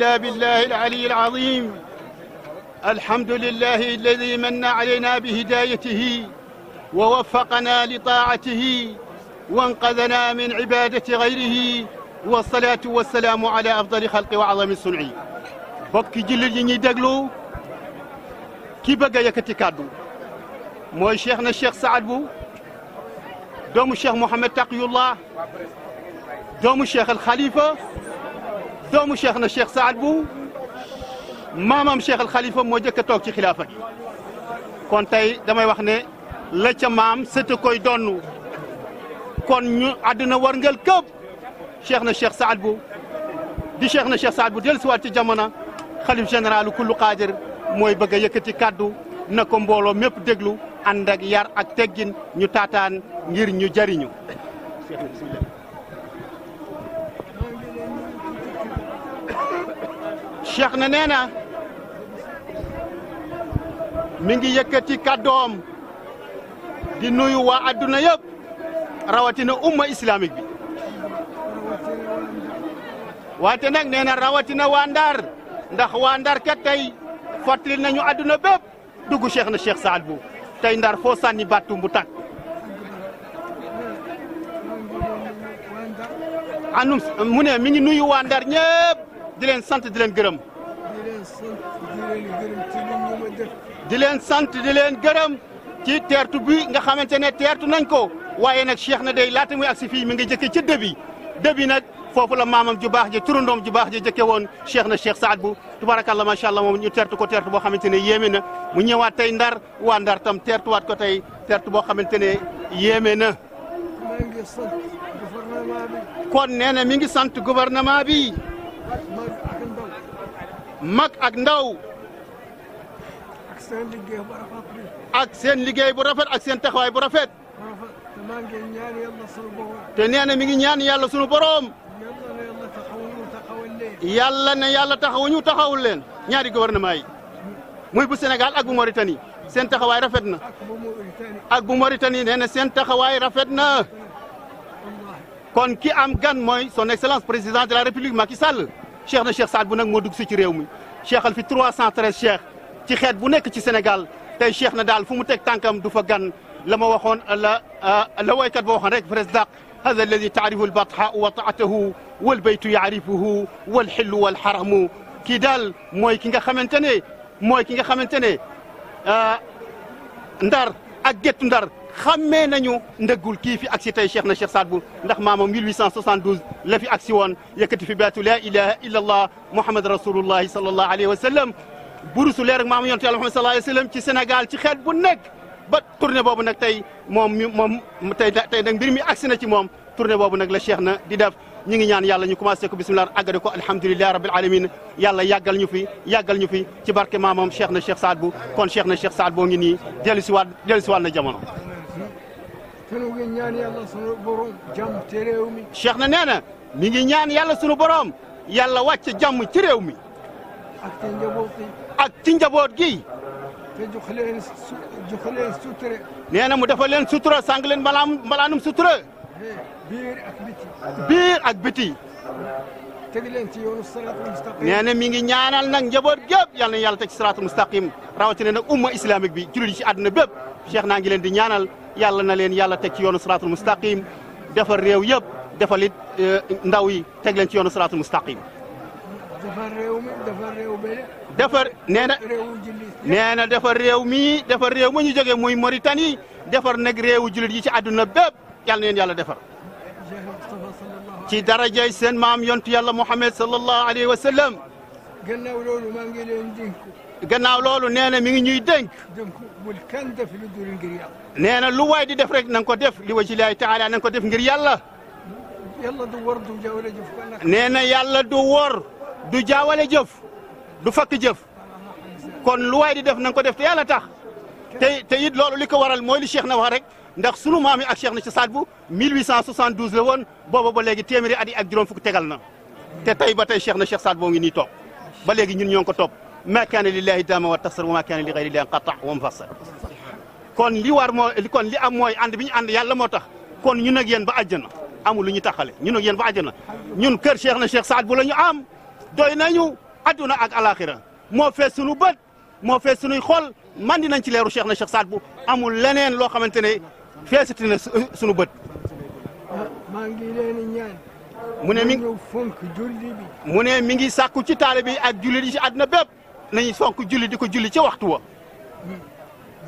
إلا بالله العلي العظيم الحمد لله الذي من علينا بهدايته ووفقنا لطاعته وانقذنا من عبادة غيره والصلاة والسلام على أفضل خلق وعظم صنعي بك جل جني دقلو كي بقى يكتكادو موي شيخنا الشيخ سعد بو دوم الشيخ محمد تقي الله دوم الشيخ الخليفة doomu cheikh na cheikh Saad bu maamam cheikh al xalifa moo jëkk a toog ci xilaafa gi kon tey damay wax ne la ca maam sëta koy donnu kon ñu àdduna warngal këpp cheikh na cheikh Saad bu di cheikh na cheikh Saad bu dellusiwaat ci jamono xalif général kullu qaadir mooy bëgg a yëkkati kàddu na ko mbooloo mépp déglu ànd ak yar ak teggin ñu taataan ngir ñu jariñu cheikh na nee mi ngi yëkkati kàddoom di nuyu waa adduna yëpp rawatina umma islamique bi waate nag nee rawatina waa Ndar ndax waa Ndar kat tey fàttali nañu adduna bépp dugg cheikh na cheikh Saad Bou tey Ndar foo sànni battum bu tàkk anum mu ne mi ngi nuyu waa Ndar ñëpp di leen sant di leen gërëm. di leen sant di leen gërëm ci li ñu ma def. sant di gërëm ci teertu bi nga xamante ne teertu nañ ko waaye nag Cheikh na day laata muy si fii mi ngi jëkkee ci dëbi dëbi nag foofu la maamam ju baax ji turandoom ju baax ji jëkke woon Cheikh na Cheikh Saad bu tubaarakàlla macha allah moom ñu teertu ko teertu boo xamante ne yéeme na mu ñëwaat tey ndar waa ndar tam teertuwaat ko tey teertu boo xamante ne yéeme na. kon nee na mi ngi sant gouvernement bi. mag ak ndaw. ak seen liggéey bu rafet. ak seen liggéey bu rafet ak seen taxawaay bu rafet. te nee mi ngi ñaan yàlla sunu boroom. yàlla ne yàlla taxawuñu taxawul leen ñaari gouvernement yi muy bu senegal ak bu Mauritanie seen taxawaay rafet na. ak bu Mauritanie nee seen taxawaay rafet na. kon ki am gan moy son excellence président de la république Macky Sall cheikh na cheikh sall bu nak mo dug ci ci réew mi cheikhal fi 313 cheikh ci xet bu nek ci Sénégal tay cheikh na dal fu mu tek tànkam du fa gan lama ma waxoon la way kat bo waxoon rek président هذا الذي تعرف البطحاء وطعته والبيت يعرفه والحل والحرم كي دال موي كيغا خامتاني موي كيغا خامتاني ki ندار اك جيت ندار xamé nañu ndëggul ki fi aksi tay Cheikh na Cheikh sadbu ndax maamam 1872 la fi aksi won yëkkati fi baatu la ilaha illa allah muhammad rasulullah sallallahu alayhi wa sallam burusu leer ak maamu yonte yàlla muhammad sallallahu alayhi wa sallam ci Sénégal ci xet bu nek ba tournée bobu nak tay mom mom tay tay nak mbir mi aksi na ci mom tournée bobu nak la Cheikh na di def ñi ngi ñaan yàlla ñu commencé ko bismillah agade ko alhamdullilah rabbil alamin yàlla yagal ñu fi yagal ñu fi ci barke mamam Cheikh na Cheikh sadbu kon Cheikh na Cheikh sadbu ngi ni delu ci wat delu ci wat na jamono sunu ngi ñaan yàlla sunu borom jàmm ci mi. Cheikh na nee mi ngi ñaan yàlla sunu borom yàlla wàcc jàmm ci réew mi. ak ci njaboot gi. ak ci njaboot gi. te jox nee na mu dafa leen sutura sang leen mbalaam mbalaanum sutura. biir biti. biir leen ci yoonu siraatul mustaqim. mi ngi ñaanal nag njaboot gépp yal na yàlla teg ci siraatul mustaqim rawatina nag umma islamique bi jullit ci àdduna bépp Cheikh naa ngi leen di ñaanal. yàlla na leen yàlla teg ci yoonu siraatul mustaqim defal réew yëpp defal it ndaw yi teg leen ci yoonu siraatul mustaqim defar réew mi defar réew bële. defar nee na nee na defar réew mi defar réew ma ñu jógee muy Mauritanie defar nag réewu jullit yi ci àdduna bépp yàlla na leen yàlla defar. ci darajay seen maam yontu yàlla Muhammad sallallahu alayhi wa sallam. gannaaw loolu maa ngi leen dénk. gannaaw loolu nee na mi ngi ñuy dénk. dénk bul kenn def lu dul nee na lu waay di def rek na nga ko def li wajhi llaahi taala na nga ko def ngir yàlla. yàlla du wor du jaawale nee na yàlla du wor du jaawale jëf du fakk jëf kon lu waay di def na nga ko def te yàlla tax te te it loolu li ko waral mooy li Cheikh na wax rek ndax sunu maam yi ak Cheikh na ci Saad bu 1872 la woon booba ba léegi téeméeri at ak juróom fukk tegal na te tey ba tey Cheikh na Cheikh Saad boo ngi nii toog ba léegi ñun ñoŋ ngi ko topp. ما كان لله دام واتصل وما كان لغير الله انقطع وانفصل كون لي وار مو كون لي ام موي اند بي اند يالا موتاخ كون ني نك يين با اجنا امو لي ني تاخالي ني نك يين با اجنا نون كير شيخنا شيخ سعد بو لا ني ام دوي نانيو ادونا اك الاخره مو في سونو بات مو في سونو خول ماندي نان سي ليرو شيخنا شيخ سعد بو امو لنين لو خامتيني فيستينا سونو بات ماغي لين نيان mune mi mune mi ngi sakku ci talibi ak julit ci adna nañu sonk julli di ko julli ca waxtu wa.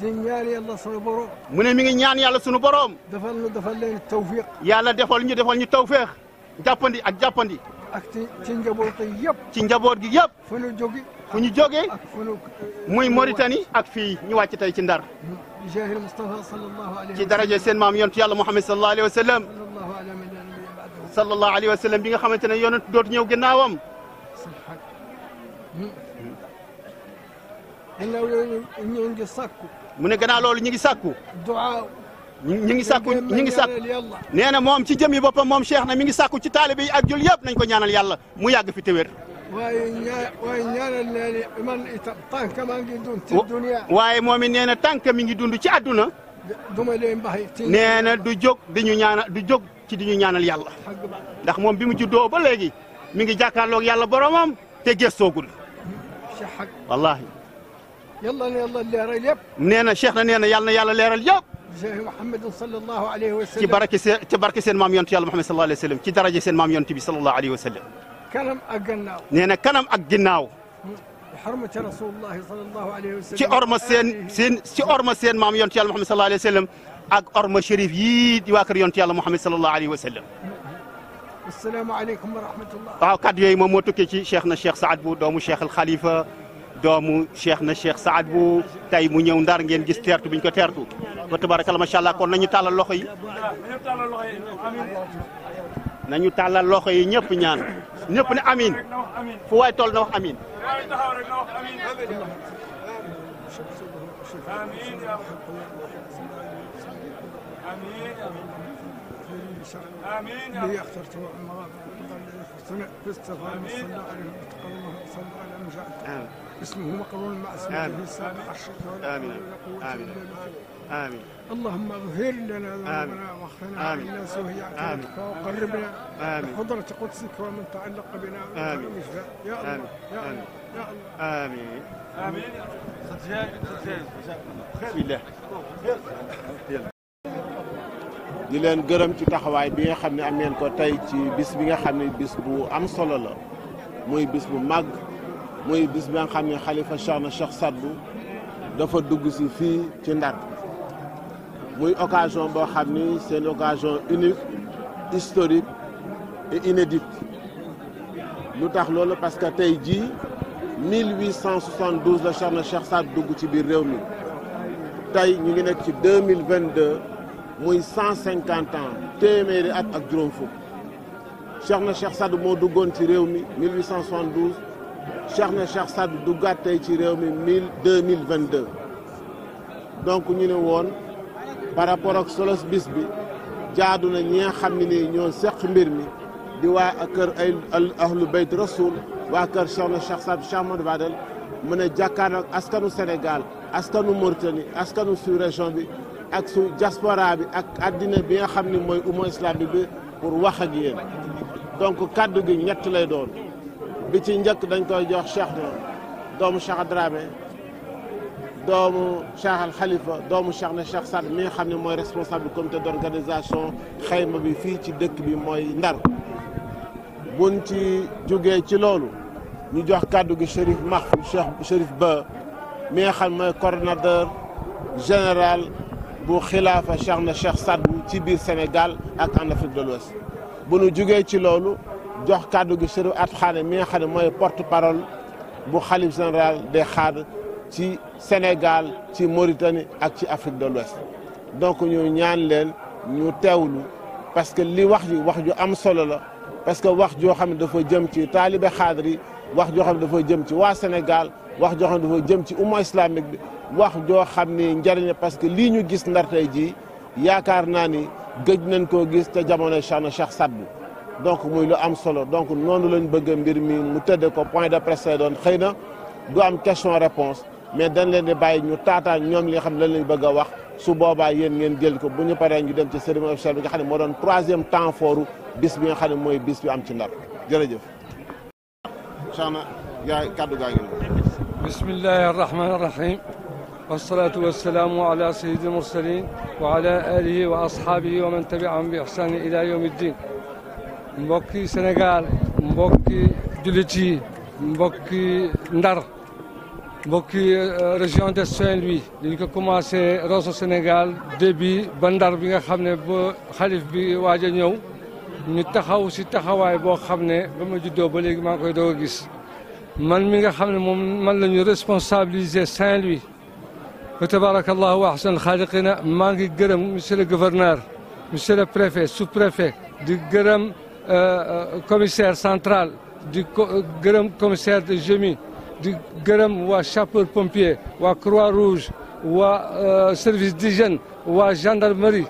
di ñaan yàlla sunu borom. mu ne mi ngi ñaan yàlla sunu borom. defal ñu defal leen tawfiq. yàlla defal ñu defal ñu tawfiq. jàppandi ak jàppandi. ak ci ci njaboot yi yëpp. ci njaboot gi yëpp. fu ñu jógee. fu ñu jógee. ak fu ñu muy Mauritanie ak fii ñu wàcc tey ci Ndar. jaahil Mustafa sallallahu alayhi ci daraja seen maam yontu yàlla Muhammad sallallahu alayhi wa sallam. sallallahu alayhi wa sallam bi nga xamante ne yonent dootu ñëw gannaawam. ginnaaw loolu mu ne gannaaw loolu ñu ngi sàkku. duwaa. ñu ngi sàkku ñu ngi sàkku nee na moom ci jëmi boppam moom Cheikh na mi ngi sàkku ci taalibe yi ak jul yëpp nañ ko ñaanal yàlla mu yàgg fi te wér. waaye ñaanal naa man itam tànk maa ngi dund ci dunya. waaye moom it nee na tànk mi ngi dund ci aduna du ma na du jóg di ñu ñaanal du jóg ci di ñu ñaanal yàlla. ndax moom bi mu juddoo ba léegi mi ngi jàkkaarloog yàlla boromam te gëstoogul. wallaahi. يلا يلا اللي اليب منين شيخنا نينا يلا يلا لير اليب جاه محمد صلى الله عليه وسلم تبارك تبارك سين مام يونت يلا محمد صلى الله عليه وسلم كي درجه سين مام يونت صلى الله عليه وسلم كلام اجناو نينا كلام اجناو حرمة رسول الله صلى الله عليه وسلم كي اورما سين سين كي اورما سين مام يونت يلا محمد صلى الله عليه وسلم اك اورما شريف يي دي واكر يونت يلا محمد صلى الله عليه وسلم السلام عليكم ورحمه الله waaw kaddu yooyu moom moo tukkee ci cheikh na cheikh saad bu doomu cheikh na cheikh Saad bu tay mu ñëw ndar ngeen gis tertu buñ ñu ko teertu ba ma sha allah kon nañu talal loxoy nañu talal loxoy ñëpp ñaan ñëpp ne amin fu way toll na wax amin amin الخير ان شاء الله امين يا رب اخترته عمر في السفر صلى عليه وتقرمه صلى على مجاهد اسمه مقرون مع اسمه في السابع عشر امين امين امين اللهم اغفر لنا ذنوبنا واغفرنا عنا سوء عقابك وقربنا بحضرة قدسك ومن تعلق بنا آمين يا الله يا الله يا الله آمين آمين خذ جاي خذ جاي جزاكم الله خير بسم الله خير di leen gërëm ci taxawaay bi nga xam ne am ngeen ko tey ci bis bi nga xam ne bis bu am solo la muy bis bu màgg muy bis bi nga xam ne xalifa Cheikhna Cheikh Sadbu dafa dugg si fii ci Ndar muy occasion boo xam ni seen occasion unique historique et inédite lu tax loolu parce que tey jii 1872 la Cheikhna Cheikh Sadbu dugg ci biir réew mi tey ñu ngi nekk ci 2022 moy 150 ans téméré ak ak juróom fukk Cheikh na Cheikh Sadou mo duggoon ci réew mi 1872 Cheikh na Cheikh Sadou duggaat tey ci réew mi mille donc ñu ne won par rapport ak solos bis bi jaaduna ñi xamni xam ñoo seq mbir mi di wa akër ay ahlu bayt rasoul wa akër Cheikh na Cheikh Sadou Cheikh Ahmadou Fadel mën jakkar ak askanu Sénégal askanu Mauritanie askanu sous région bi ak su diaspora bi ak àddina bi nga xam ne mooy umma islamique bi pour wax ak yéen donc kàddu gi ñett lay doon bi ci njëkk dañ koy jox cheikh na doomu Cheikh Dramé doomu Cheikh Al Khalifa doomu Cheikh na Cheikh Saad mi nga xam ne mooy responsable comité d' organisation xayma bi fii ci dëkk bi mooy ndar buñ ci jógee ci loolu ñu jox kàddu gi Chérif Mahfou Cheikh Chérif Ba mi nga xam mooy coordonnateur général bu xilaafa Cheikh na Cheikh Sadbu ci biir Sénégal ak en Afrique de l'Ouest bu nu jugee ci loolu jox kàddu gi at Atkhane mi nga xam mooy porte parole bu xalif général des xaar ci Sénégal ci Mauritanie ak ci Afrique de l'Ouest donc ñu ñaan leen ñu teewlu parce que li wax ji wax ju am solo la parce que wax joo xam ne dafa jëm ci taalibe xaadre yi wax joo xam ne dafa jëm ci waa Sénégal wax joo xam ne dafa jëm ci umma islamique bi wax joo xam ni njëriñ la parce que lii ñu gis ndar tey jii yaakaar naa ni gëj nañ koo gis te jamono Cheikhna Cheikh Saad Bou donc muy lu am solo donc noonu lañ bëgg mbir mi mu tëdde ko point de presse lay doon xëy na du am question réponse mais dañ leen di bàyyi ñu taataan ñoom li nga xam ne lañ bëgg a wax su boobaa yéen ngeen jël ko bu ñu paree ñu dem ci cérémonie officielle bi nga xam ne moo doon troisième temps fort bis bi nga xam ne mooy bis bi am ci ndar jërëjëf شانا جاي كادو جاي بسم الله الرحمن الرحيم والصلاة والسلام على سيد المرسلين وعلى آله وأصحابه ومن تبعهم بإحسان إلى يوم الدين مبكي سنغال مبكي جلتي مبكي نار مبكي رجيون دي سين لوي كما سي روسو سنغال دبي بندر بيغا خامني بو خليف بي نيو ñu taxaw si taxawaay boo xam ne ba ma juddoo ba léegi maa ngi koy doog a gis man mi nga xam ne moom man la ñu responsabiliser Saint-Louis wa tabarakallahu wa ahsan xaaliqina maa ngi gërëm monsieur le gouverneur monsieur le préfet sous préfet di gërëm commissaire central di gërëm commissaire de GMI di gërëm waa sapeur pompier waa croix rouge waa service d'hygiène waa gendarmerie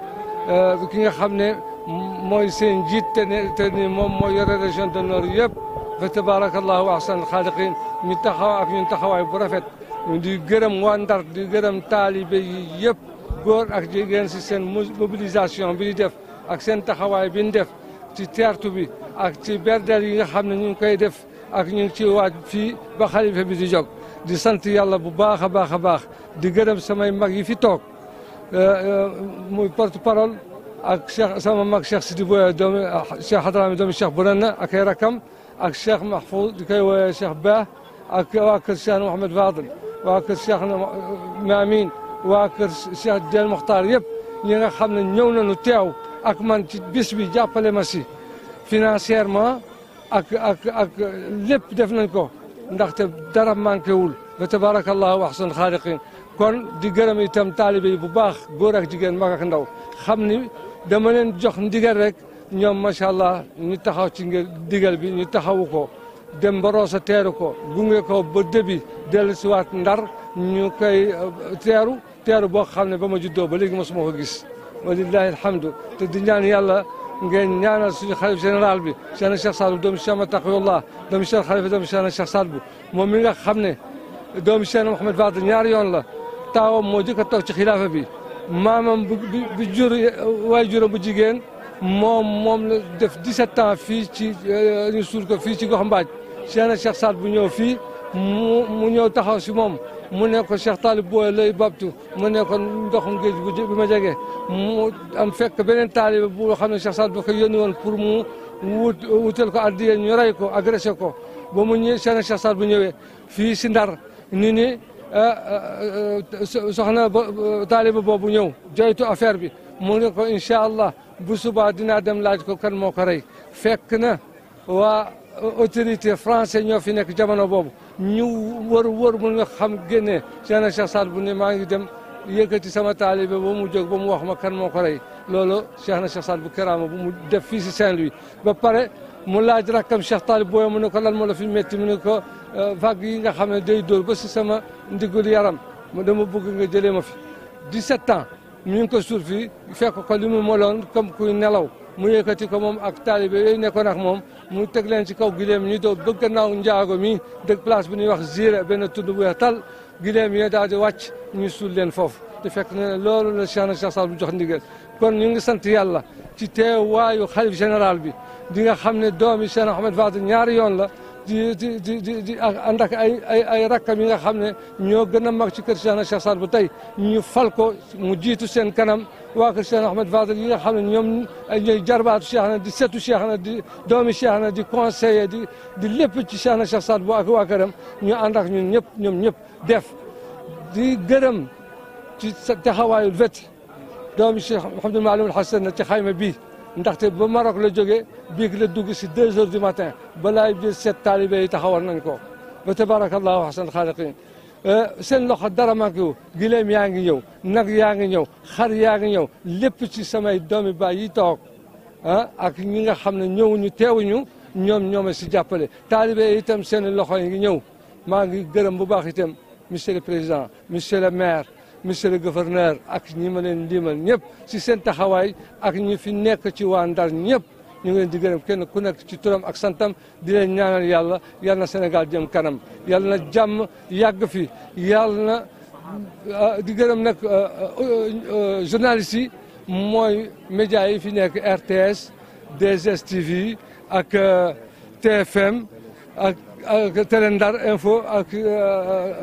ki nga xam ne mooy seen jiit te ne te ni moom mooy yore région de nord yëpp fa tabarakallahu ahsan xaaliqin ñu taxaw ak ñun taxawaay bu rafet di gërëm waa Ndar di gërëm taalibe yi yëpp góor ak jigéen si seen mobilisation bi ñu def ak seen taxawaay bin def ci teertu bi ak ci berdeel yi nga xam ne ñu ngi koy def ak ñu ci waat fii ba xalifa bi di jog di sant yàlla bu baax a baax a baax di gërëm samay mag yi fi toog euh, euh, porte parole اك شيخ اسامه ماك شيخ سيدي بويا دومي شيخ حضرامي دومي شيخ بولنا اك رقم اك شيخ محفوظ كي شيخ باه اك واك الشيخ محمد فاضل واك الشيخ مامين واك الشيخ الدين مختار يب ينا خمنا نيونا نتاو اك من بسبي جاب لي ماشي فينانسيرمون اك اك اك لب دفنكو ndaxte درب مانكول وتبارك الله واحسن ahsan كون kon di gërëm itam taalibe yi bu baax góor ak دمنن جخ نديغرك نيوم ما شاء الله نتخاو تشنج ديغل بي نتخاوكو دم بروسه تيركو غونغيكو بدبي دل سوات ندار ñu koy teeru teeru boo xam ne ba ma juddoo ba léegi mosuma ko gis walillahi alhamdu te di ñaan yàlla ngeen ñaanal suñu xalif général bi Cheikh Cheikh Saad Bou doomu Cheikh ma taqiyullah doomu Cheikh xalifa doomu Cheikh Cheikh Saad Bou moom mi nga xam ne doomu Cheikh Mouhamed Fadel ñaari yoon la taawam moo jëkk a toog ci xilaafa bi maamam bu bu jur waay juróom bu jigéen moom moom la def 17 ans fii ci euh, ñu suul fii ci gox mbaaj Cheikh Cheikh Saad bu ñëw fii mu mu ñëw taxaw si moom mu ne ko Cheikh Taalib Booy lay babtu mu ne ko ndoxum géej bi ma jege mu fekk beneen taaliba bu xam ne Cheikh Saad ba ko yónni woon pour mu wut wutal ko addiya ñu rey ko agressé ko boo mu ñëw Cheikh Saad bu ñëwee fii si Ndar ni ni اه، اه، اه، سخنا طالب بابو نيو جايتو افير بي مونيكو ان شاء الله بوسو بعد نادم لاجكو كان موكري فكنا و اوتوريتي فرنسا نيو في نك جامانو بابو نيو ور ور من خم جني جانا شخصات بني ما يدم يكتي سما طالب بابو موجوك بوم واخ ما كان موكري لولو شيخنا شخصات بكرامه بوم دفيسي سان لوي بباري mu laaj rakkam Cheikh Talib Boye mu ne ko lan moo la fi metti mu ne ko euh, vague yi nga xam ne day dóor ba si sama ndigal yaram mu dama bëgg nga jëlee ma fi 17 ans mi ngi ko suul fii fekk ko li mu moloon comme kuy nelaw mu yëkkati ko moom ak taalibe yooyu nekkoon ak moom mu teg leen ci kaw gileem ñu doo bëgg naaw njaago mi dëkk place bu ñuy wax Ziré benn tudd bu weex tal gileem yooyu daal di wàcc ñu suul leen foofu te fekk na loolu la Cheikh na Cheikh Sall bu jox ñu ngi sant yàlla ci teewaayu xalif général bi دي خمن الدومي أنا أحمد أنا أنا لا دي دي دي دي, دي عندك أي أي أي رقم يا خمن أنا أنا ما أنا أنا أنا أنا أنا أنا مجيتو أنا كنام واخر أنا أحمد أنا أنا خمن يوم أنا أنا دي ستو أنا دي دومي أنا دي كونسي دي دي لب أنا أنا أنا أنا أنا عندك أنا نيب أنا نيب دف دي أنا أنا أنا دومي شيخ محمد المعلوم الحسن أنا بيه ndaxte ba Maroc la joge biig la dugg si 2 heures du matin balaay bi set talibé yi taxawal nañ ko ba tabarakallahu ahsan xaaliqin seen loxo dara manqué wu gileem yaa ngi ñëw nag yaa ngi ñëw xar yaa ngi ñëw lépp ci samay doomi baay yi toog ah ak ñi nga xam ne ñëwuñu teewuñu ñoom ñooma si jàppale taalibe itam seen loxo yi ngi ñëw maa ngi gërëm bu baax itam monsieur le président monsieur le maire monsieur le gouverneur ak ñi ma leen limal ñëpp si seen taxawaay ak ñi fi nekk ci waa Ndar ñëpp ñu ngi leen di gërëm kenn ku nekk ci turam ak santam di leen ñaanal yàlla yàlla senegal Sénégal jëm kanam yàlla na jàmm yàgg fi yàlla na ah, di gërëm nag ah, ah, journalistes mooy médias yi fi nekk RTS 2STV ak TFM a terem dar info ak euh,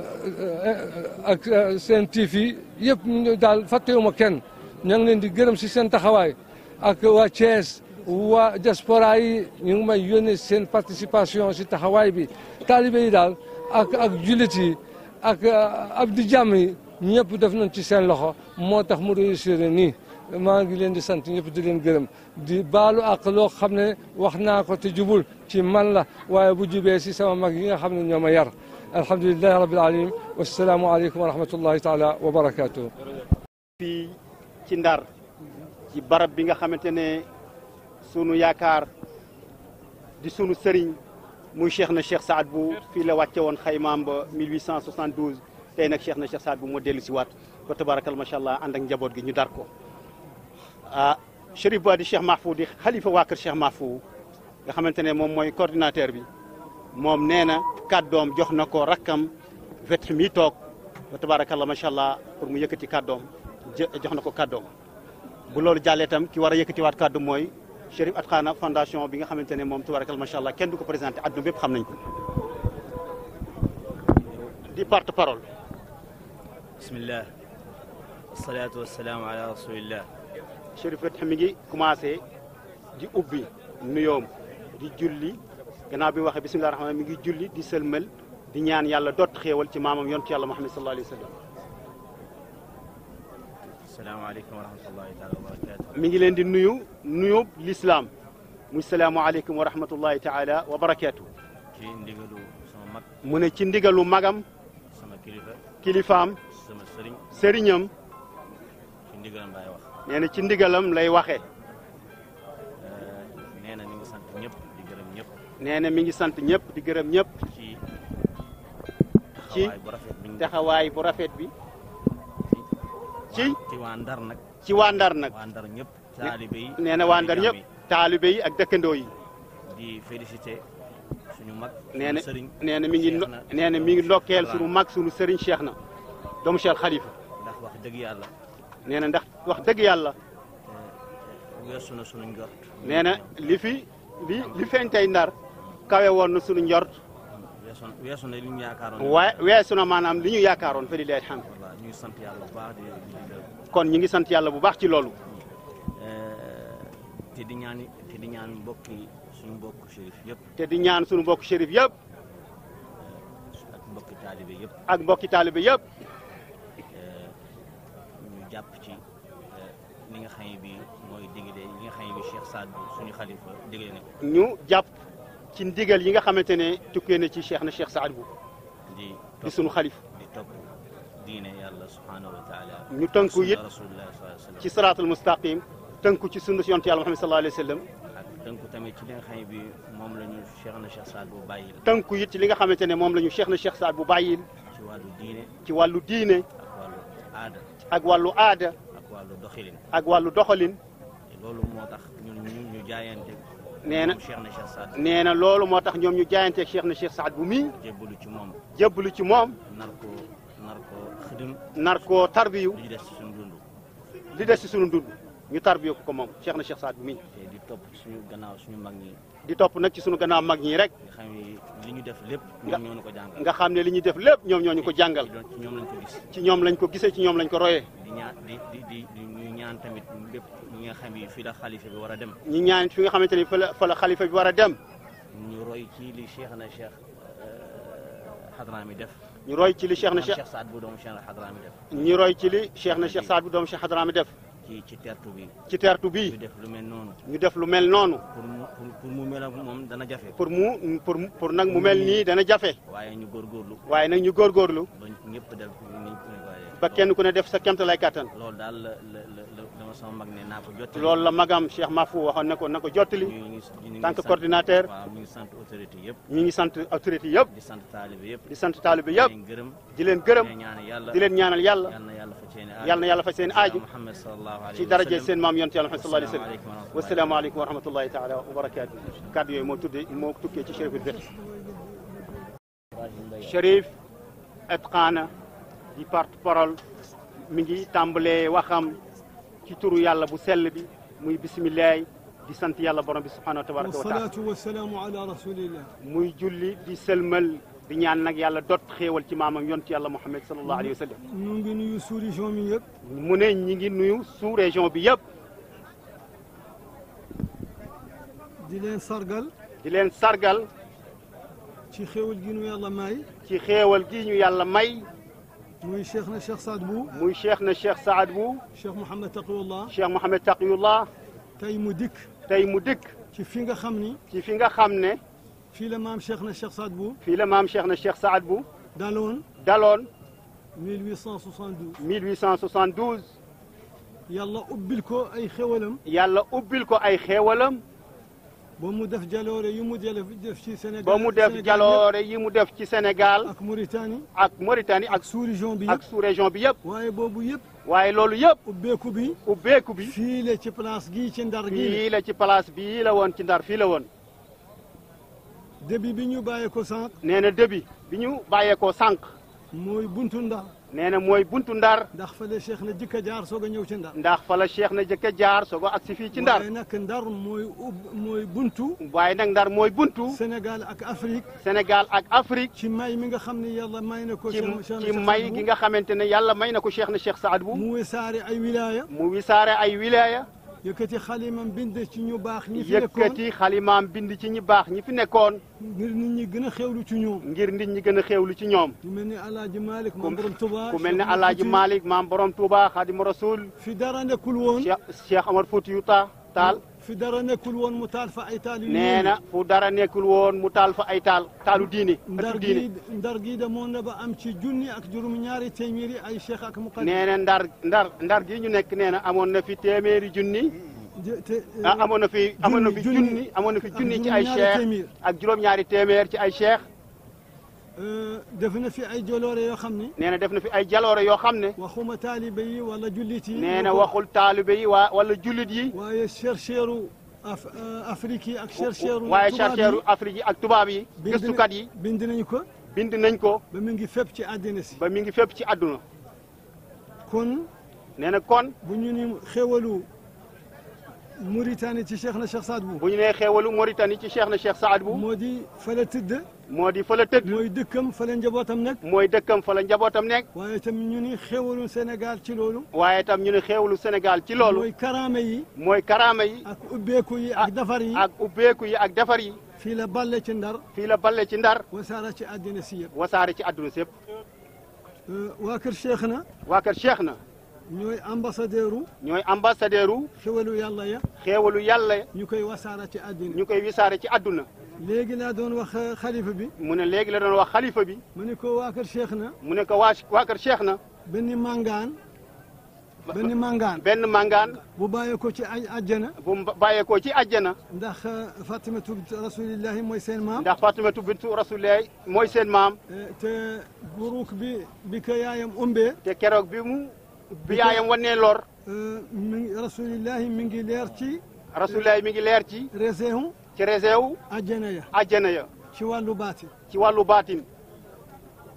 euh, euh, seen tiif yi yépp daal fàtteewuma kenn ñu ngi leen di gërëm si seen taxawaay ak waa Thiès waa diaspora yi ñu ngi may yónnee seen participation si taxawaay bi taalibe yi daal ak ak jullit yi ak abdi jàmm yi ñëpp def nañ ci seen loxo moo tax mu réussir nii maa ngi leen di sant ñëpp di leen gërëm di baalu ak loo xam ne wax naa ko te jubul ci man la waaye bu jubee si sama mag yi nga xam ne ñoo ma yar alhamdulilahi rabbil alamin wasalaamu aleykum wa rahmatullahi taala wa barakaatu. ci ndar ci barab bi nga xamante ne sunu yaakaar di sunu sëriñ muy cheikh na cheikh Saad bu fii la wàcce woon xaymaam ba 1872 tey nag cheikh na cheikh Saad bu moo dellu si waat ba tabaarakal macha allah ànd njaboot gi ñu dar ko ah, Chérif Ba di Cheikh Mahfou di xalifa waa kër Cheikh Mahfou nga xamante ne moom mooy coordinateur bi moom nee na kàddoom jox na ko rakkam wet mi toog wa tabarakallah macha allah pour mu yëkkati kàddoom jox na ko kàddoom bu loolu jàllee itam ki war a yëkkatiwaat kàddu mooy Chérif Atkhana fondation bi nga xamante ne moom tabarakallah macha allah kenn du ko présenté àdduna bépp xam nañ ko di porte parole bismillah asalaatu wasalaamu ala rasulillah Chérif Faty mi ngi commencé di ubbi nuyoom di julli gannaaw bi mu waxee bisimilah rahmaani mi ngi julli di sëlmal di ñaan yàlla dott xéewal ci maamam yontu yàlla Muhammad sallallahu alayhi wa sallam. salaamaaleykum wa rahmatullahi taala wa barakaatu. mi ngi leen di nuyu nuyu lislaam muy salaamualeykum wa rahmatullahi taala wa barakaatu. ci ndigalu sama mag. mu ne ci ndigalu magam. sama kilifa kilifaam. sama sëriñ sëriñam. ndigalam lay wax nee na ci ndigalam lay waxee nee na mi ngi sant ñëpp di gërëm ñëpp nee na mi ngi sant ñëpp di gërëm ñëpp ci ci taxawaay bu rafet bi ci ci waa ndar nag ci waa ndar nag waa ndar ñëpp taalibe yi nee na waa ndar ñëpp taalibe yi ak dëkkandoo yi di félicité suñu mag nee na nee na mi ngi nee na mi ngi ndokkeel suñu mag suñu sëriñ Cheikh na doomu Cheikh Khalifa ndax wax dëgg yàlla nee na ndax wax dëgg yàlla. weesu na sunu njort. nee na li fi li li feeñ tey ndar kawe woon na sunu njort. weesu na li ñu yaakaaroon. waaye weesu na maanaam li ñu yaakaaroon fa di leen xam. ngi sant yàlla bu baax kon ñu ngi sant yàlla bu baax ci loolu. Eh, te di ñaan te di ñaan mbokki suñu mbokku shérif yëpp. te di ñaan suñu mbokku shérif yëpp. Eh, ak mbokki taalibe yëpp. ak mbokki taalibe yëpp. li nga xam ne bii mooy digle yi nga xam ne bii Cheikh Saad Bou suñu xalifa digle na ko. ñu jàpp ci ndigal yi nga xamante ne tukkee na ci Cheikh na Cheikh Saad Bou. di topp di suñu xalif. di topp diine yàlla subhaanahu wa taala. ñu tënku it ci saraatul mustaqim tënku ci sunna yonent yàlla Muhammad sallallahu alayhi wa sallam. tënku tamit ci li nga xam ne bii moom la ñu Cheikh na Cheikh Saad Bou bàyyil. tënku it ci li nga xamante ne moom la ñu Cheikh na Cheikh Saad Bou bàyyil. ci wàllu diine. ci wàllu diine. ak wàllu aada. ak wàllu aada. wàllu doxalin. ak wàllu doxalin. loolu moo tax ñun ñu jaayante. nee na Cheikh na Cheikh Saad. nee na loolu moo tax ñoom ñu jaayanteeg Cheikh na Cheikh Saad bu mii. jébbalu ci moom. jébbalu ci moom. nar ko nar ko xëdim. nar ko tarbiyu. li des ci sunu dund. li des ci sunu dund ñu tarbiyu ko ko moom Cheikh na Cheikh Saad bu mii. di topp suñu gannaaw suñu mag ñi. di topp nag ci sunu gannaaw mag ñi rek. nga xam ne li ñu def lépp. ñoom ñoo ñu ko jàngal nga xam ne li ñu def lépp ñoom ñoo ñu ko jàngal. ci ñoom lañ ko gis. ci ñoom lañ ko gisee ci ñoom lañ ko royee. di ñaan di di di ñaan tamit lépp ñi nga xam ne fii la xalifa bi war a dem. ñu ñaan fi nga xamante ni fa la fa la xalifa war a dem. ñu roy ci li Cheikh euh, na Cheikh Hadrami def. ñu roy ci li Cheikh na Cheikh Saad bu doomu Cheikh Hadrami def. ñi roy ci li Cheikh na Cheikh Saad bu doomu Cheikh Hadrami def. ci ci tertu bi. ci tertu bi. ñu def lu mel noonu. ñu def lu mel noonu. pour mu mel moom dana jafe. pour mu pour pour nag mu mel nii dana jafe. waaye ñu góorgóorlu. waaye nag ñu góorgóorlu. ba ñëpp def ba kenn ku ne def sa kéemtalaay kàttan. loolu daal la la sama sama mag ne naa ko jottali loolu la magam Cheikh Mafou waxoon ne ko na ko jottali tant que coordinateur mi ngi sant autorité yëpp mi ngi sant autorité yëpp di sant taalibe yëpp di sant taalibe yëpp di leen gërëm di leen ñaanal yàlla yàlla na yàlla fa seen aaju ci daraje seen maam yonent yàlla sallallahu alayhi wa sallam wasalaamaaleykum wa rahmatullahi taala wa barakaatu kàddu yooyu moo tuddee moo tukkee ci Chérif Bét Chérif Atqana di porte-parole mi ngi tàmbalee waxam ci turu yàlla bu sel bi muy bismillah di sant yàlla borom bi subhanahu wa tabaraka wa taala wasalaatu wasalaamu ala rasulillah muy julli di sëlmal di ñaan nak yàlla dot xewal ci mamam yont yàlla Muhammad sallallahu alayhi wasallam ñu ngi nuyu sous région bi yeb mu ne ñi ngi nuyu sous région bi yeb di len sargal di len sargal ci xewal gi ñu yàlla may ci xewal gi ñu yàlla may موي شيخنا الشيخ سعد بو موي شيخنا الشيخ سعد بو الشيخ محمد تقي الله الشيخ محمد تقي الله تيمو مودك تيمو مودك كي فيغا خامني كي فيغا خامني في لمام شيخنا الشيخ سعد بو في لمام شيخنا الشيخ سعد بو دالون دالون 1872 1872 يلا اوبيلكو اي خيولم يلا اوبيلكو اي خيولم ba mu def jaloore yi mu def ci Sénégal ba mu def jaloore yi mu def ci Sénégal. ak Mauritanie ak Mauritanie ak. sous région bi yëpp ak sous région bi yëpp. waaye boobu yëpp. waaye loolu yëpp. ubbeeku bi ubbeeku bi. fii ci place gii ci ndar gii. fii la ci place bi la woon ci ndar fii la woon. début bi ñu bàyyeekoo sànq. nee na début bi ñu bàyyeekoo sànq. mooy buntu nee na mooy buntu ndar ndax fa la na jëkk a jaar soog a ñëw ci ndar ndax fala la na jëkk a jaar soog a agsi ci ndar waaye nag ndar mooy mooy buntu waaye nag ndar mooy buntu Sénégal ak Afrique Sénégal ak Afrique ci may mi nga xam ne yàlla may na ko ci nga xamante ne yàlla may na ko cheikh na cheikh Saad bu mu wisaare ay wilaya mu wisaare ay wilaya yëkkati xalimaam bind ci ñu baax ñi fi nekkoon yëkkati xalimaam bind ci ñi baax ñi fi nekkoon. ngir nit ñi gën a xéewlu ci ñoom. ngir nit ñi gën a xéewlu ci ñoom. ku mel ne El Hadj Malick maam borom Touba. ku mel ne El Hadj Malick maam borom Touba Xaadimu Rasul. fi dara nekkul woon. Cheikh Cheikh Omar ta taal fi dara nekkul woon mu taal fa ay taal yu nee na fu dara nekkul woon mu taal fa ay taal taalu diine ndar gi ndar gi demoon na ba am ci junni ak juróom ñaari téeméeri ay cheikh ak muqaddam nee ndar ndar ndar ñu nekk nee na amoon na fi téeméeri junni ah amoon na fi amoon na fi junni amoon na fi junni ci ay cheikh ak juróom-ñaari téeméer ci ay cheikh Euh, def na fi ay jaloore yoo xam ne nee na def na fi ay jaloore yoo xam ne waxuma taalibe yi wala jullit yi nee na waxul taalibe yi waa wala jullit yi waaye chercheur u euh, Afrique ak chercheur waaye chercheur u yi ak tubaab yi gëstukat yi bind nañ ko bind nañ ko ba mi ngi fépp ci àddina si ba mi ngi fépp ci àdduna kon nee na kon bu ñu ni xéwalu Mauritanie ci Cheikh na Cheikh Saad Bou. bu ñu nee xéewalu Mauritanie ci Cheikh na Cheikh Saad Bou. moo di fa tëdd. moo di fa la tëdd. mooy dëkkam fa la njabootam mooy dëkkam fa la nek waaye tam ñu ni xéewalu Sénégal ci loolu. waaye itam ñu ni xéewalu senegal ci loolu. mooy karaama yi. mooy karaama yi. ak ubbeeku yi ak defar yi. ak ubbeeku yi ak defar yi. fii la balle ci ndar. fii la balle ci ndar. wasaare ci àdduna si yëpp. wasaare ci àdduna si yëpp. Euh, waa na. waa kër Cheikh na. ñooy ambassadeur u ñooy ambassadeur u xéwalu yàlla ya yàlla ñu koy wasaara ci àddina ñu koy wisaara ci àdduna léegi laa doon wax euh, xalifa bi mu ne léegi la doon wax xalifa bi mu ne ko waa kër Cheikh na mu ne ko waa waa kër na benn màngaan benn màngaan benn màngaan bu bàyyeekoo ci àjjana bu bàyyeekoo ci àjjana ndax euh, fatimatu rasulillahi mooy seen maam ndax fatimatu bintu rasulillahi mooy seen maam euh, te buruuk bi bi ko yaayam umbee te keroog bi mu bi yaayam wane lor. mi ngi rasulillahi mi ngi leer ci. rasulillahi mi ngi leer ci. réseau. ci réseau. ajjana ya ajjana ya. ci wàllu baatin. ci wàllu baatin.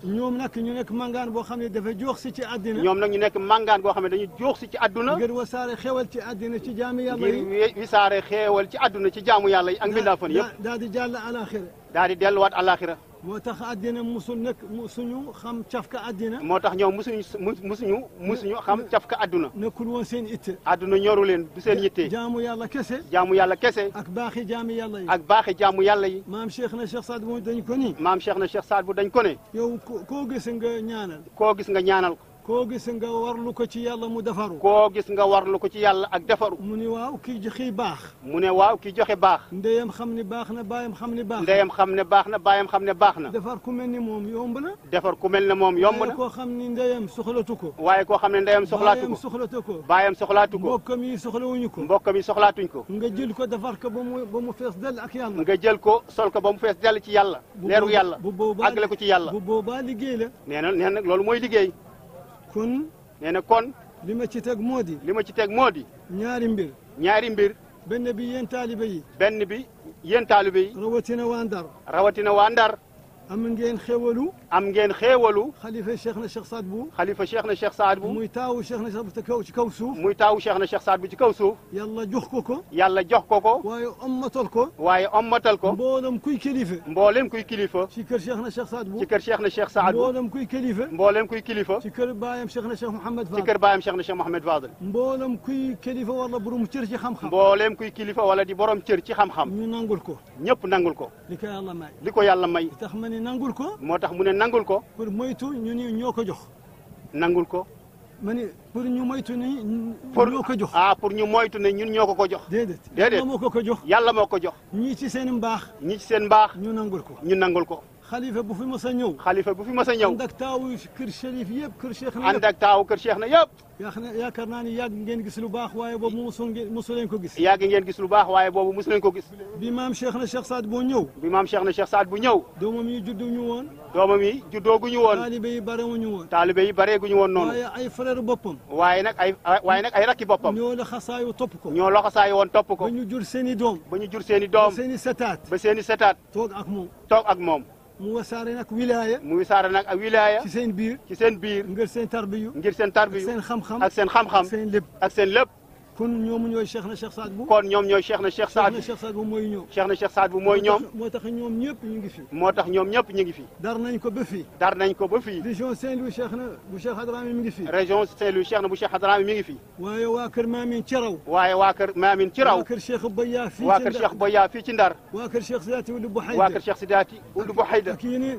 ñoom nag ñu nekk mangaan boo xam ne dafa joox si ci àddina ñoom nag ñu nekk mangaan boo xam ne dañu joox si ci àdduna ngir wasaare xeewal ci àddina ci jaamu yàlla yi ngir ci àdduna ci jaamu yàlla yi ak mbindaa fan yëpp daal di jàll alaxira daal di delluwaat àllaaxira moo tax àddina musul nekk musuñu xam cafka àddina moo tax ñoom musuñu musuñu musuñu xam cafka àdduna nekkul woon seen itte àdduna ñoru leen du seen yitte jaamu yàlla kese jaamu yàlla kese ak baaxi jaamu yàlla yi ak baaxi jaamu yàlla yi maam cheikh na cheikh saad bu dañ ko ni maam cheikh na cheikh saad bu dañ ko ne yow koo gis nga ñaanal koo gis nga ñaanal ko koo gis nga warlu ko ci yàlla mu defaru ko gis nga warlu ko ci yàlla ak defaru mu ne waa kii joxe baax mu ne waaw kii joxe baax ndeyam xam ne baax na baayam xam ne baax na ndeyam xam ne baax na baayam xam ne baax na defar ku mel ni moom yomb na defar ku mel ne moom yomb na koo xam ne ndeyam soxlatu ko waaye koo xam ne ndeyam soxlaatu ko soxlatu ko baayam soxlaatu ko mbokkam yi soxlawuñu ko mbokkam yi soxlaatuñ ko nga jël ko defar ko ba mu ba mu fees dell ak yàlla nga jël ko sol ko ba mu fees dell ci yàlla leeru yàlla àggale ko ci yàlla bu boobaa liggéey la nee na na loolu liggéey kun nena kon li ma ci teg moo di li ma ci teg moo di ñaari mbir ñaari mbir benn bi yéen taalibe yi benn bi yéen taalibe yi rawatina waa ndar rawatina waa ndar am ngeen xéewalu am ngeen xéewalu xalifa cheikhna cheikh saad bu xalifa cheikhna cheikh saad bu muy taawu cheikhna cheikh bu ci kaw ci kaw suuf muy taawu cheikhna cheikh saad bu ci kaw suuf yàlla jox ko ko yàlla jox ko ko waaye ommatal ko waaye ommatal ko mboolem kuy kilifa mboolem kuy kilifa ci kër cheikhna cheikh saad bu ci kër cheikhna cheikh saad bu mboolem kuy kilifa mboolem kuy kilifa ci kër baayam cheikhna cheikh mohammed fadil ci kër baayam cheikhna cheikh mohammed fadil mboolem kuy kilifa wala borom cër ci xam-xam mboolem kuy kilifa wala di borom cër ci xam-xam ñu nangul ko ñëpp nangul ko li ko yàlla may li ko yàlla may tax ma ne nangul ko. moo tax mu ne nangul ko. pour moytu ñu ni ñoo ko jox. nangul ko. ma ne pour ñu moytu ni ñoo ko jox ah pour ñu moytu ne ñun ñoo ko ko jox déedéet déedéet moo ko ko jox yàlla moo ko jox ñii ci seen mbaax ñii ci seen mbaax ñu nangul ko ñu nangul ko خليفه بو في مسنيو خليفه بو في مسنيو عندك تاو كر شريف يب كر شيخنا عندك تاو كر شيخنا يب يا خنا يا كرناني يا نجن جسلو باخ واي بو مسون مسلين كو جس يا نجن جسلو باخ واي بو مسلين كو جس بيمام شيخنا شيخ سعد بو نيو بيمام شيخنا شيخ سعد بو نيو دومم يي جودو نيو وون doomam yi juddoo gu ñu woon taalibe yi bare wu ñu woon taalibe yi bare gu ñu woon noonu waaye ay frère boppam waaye nag ay waaye nag ay rakki boppam ñoo la xasaayu topp ko ñoo la xasaayu woon topp ko ba ñu jur seen i doom ba ñu jur seen i doom seen i setaat ba seen i setaat toog ak moom toog ak moom mu wasaare nag wilaya mu wasaare nag ak wilaya ci seen biir ci seen biir ngir seen tarbiyu ngir seen tarbiyu ak seen xam-xam ak seen xam-xam seen lépp ak seen lépp كون نيوم نيو شيخنا شيخ سعد بو كون نيوم شيخنا شيخ سعد شيخنا شيخ سعد بو موي نيو شيخنا شيخ سعد بو موي نيوم موتاخ نيوم نييب نيغي في موتاخ نيوم نييب نيغي في دار نانكو بفي دار نانكو بفي ريجون سين لو شيخنا بو شيخ حضرامي ميغي في ريجون سين لو شيخنا بو شيخ حضرامي ميغي في واي واكر ما من تشراو واي واكر ما من تشراو واكر شيخ بيا في واكر شيخ بيا في تشندار واكر شيخ زاتي ولد بو حيده واكر شيخ زاتي ولد بو حيده كيني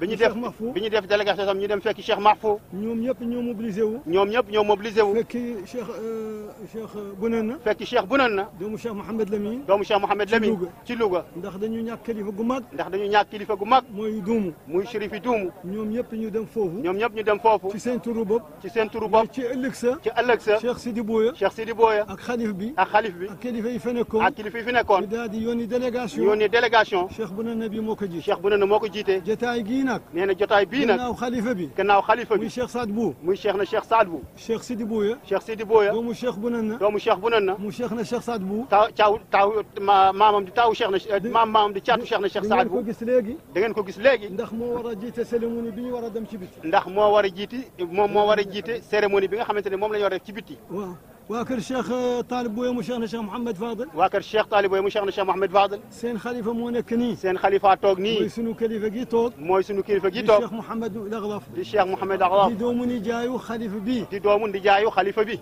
bi ñu def ñu def délégation tam ñu dem fekk Cheikh Mahfou. ñoom ñëpp ñoo mobilisé wu. ñoom ñëpp ñoo mobilisé wu. fekk Cheikh euh, Cheikh Bunana. fekk Cheikh Bunana. doomu Cheikh Mouhamed Lamine. doomu Cheikh Mouhamed ci Louga. ndax dañu ñàkk kilifa gu mag. ndax dañu ñàkk kilifa gu mag. mooy duumu. muy shérifi duumu. ñoom ñëpp ñu dem foofu. ñoom ñëpp ñu dem foofu. ci seen turu bopp. ci seen turu bopp. ci ëllëg sa. ci ëllëg sa Cheikh Sidi Boya. Cheikh Sidi Boya. ak xalif bi. ak xalif bi. ak kilifa yi ak kilifa yi fi nekkoon. ñu daal di yónni délégation. yónni délégation. Cheikh Bunana bi moo ko jiite. Cheikh Bunana moo ko jiite. jotaay gi بيناك نينا جتاي بيناك كناو خليفة بي كناو خليفة بي مي شيخ سعد بو مي شيخنا شيخ سعد بو شيخ سيدي بويا شيخ سيدي بويا دومو شيخ بننا دومو شيخ بننا مي شيخنا شيخ سعد بو تاو تاو تاو ما مام دي تاو شيخنا مام مام دي تاو شيخنا شيخ سعد بو دغن كو غيس ليغي دغن كو غيس ليغي ندخ مو ورا جيت سيريموني بي ورا دم سي بيتي ندخ مو ورا جيتي مو مو ورا جيتي سيريموني بيغا خامتاني موم لا نيو ريف سي بيتي واه واكر الشيخ طالب بويا مشيخنا الشيخ محمد فاضل واكر الشيخ طالب بويا مشيخنا الشيخ محمد فاضل سين خليفه مونكني كني سين خليفه توغني موي سنو كليفه جي توغ موي سنو كليفه جي توغ الشيخ محمد الاغلاف الشيخ محمد الاغلاف دي دومني جايو خليفه بي دي دومن دي جايو خليفه بي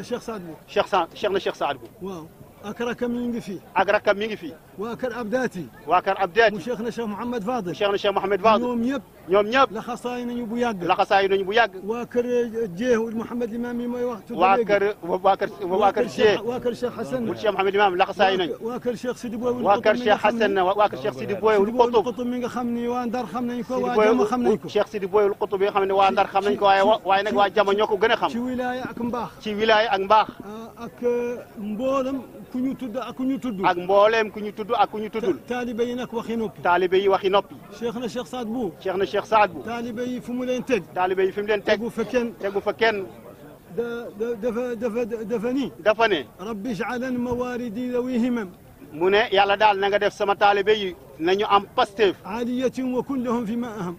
الشيخ سعد بو شيخ سعد شيخنا الشيخ سعد بو واو اكرك مينغ في اكرك مينغ في واكر ابداتي واكر ابداتي وشيخنا شيخ محمد فاضل شيخنا شيخ محمد فاضل يوم يب ñoom ñëpp laxasaayu nañu bu yàgg laxasaayu nañu bu yàgg waa kër jeexu Mouhamed Limam yi mooy wax tudd waa kër waa kër waa kër Cheikh waa kër Cheikh Hassan bu Cheikh Mouhamed Limam laxasaayu nañu waa kër Cheikh Sidi Bouye waa kër Cheikh Hassan waa kër Cheikh Sidi Bouye wul Qutub Qutub mi nga xam ni waa Ndar xam nañ ko waa Jama xam nañ ko Cheikh Sidi Bouye wul Qutub bi nga xam ne waa Ndar xam nañ ko waaye waaye nag waa Jama ñoo ko gën a xam ci wilaaya ak mbaax ci wilaaya ak mbaax ak mboolam ku ñu tudd ak ku ñu tudd ak mbooleem ku ñu tudd ak ku ñu tuddul taalibe yi nag waxi noppi taalibe yi waxi noppi Cheikh na Cheikh Saad Bou Cheikh na شيخ سعد بو تالي بي فمو لين تك تالي بي فمو لين تك فكن تقو فكن دفا دفا دفني دفني ربي جعل مواردي ذوي همم منى يلا دال نغا ديف سما طالبي نانيو ام باستيف عاليه وكلهم فيما اهم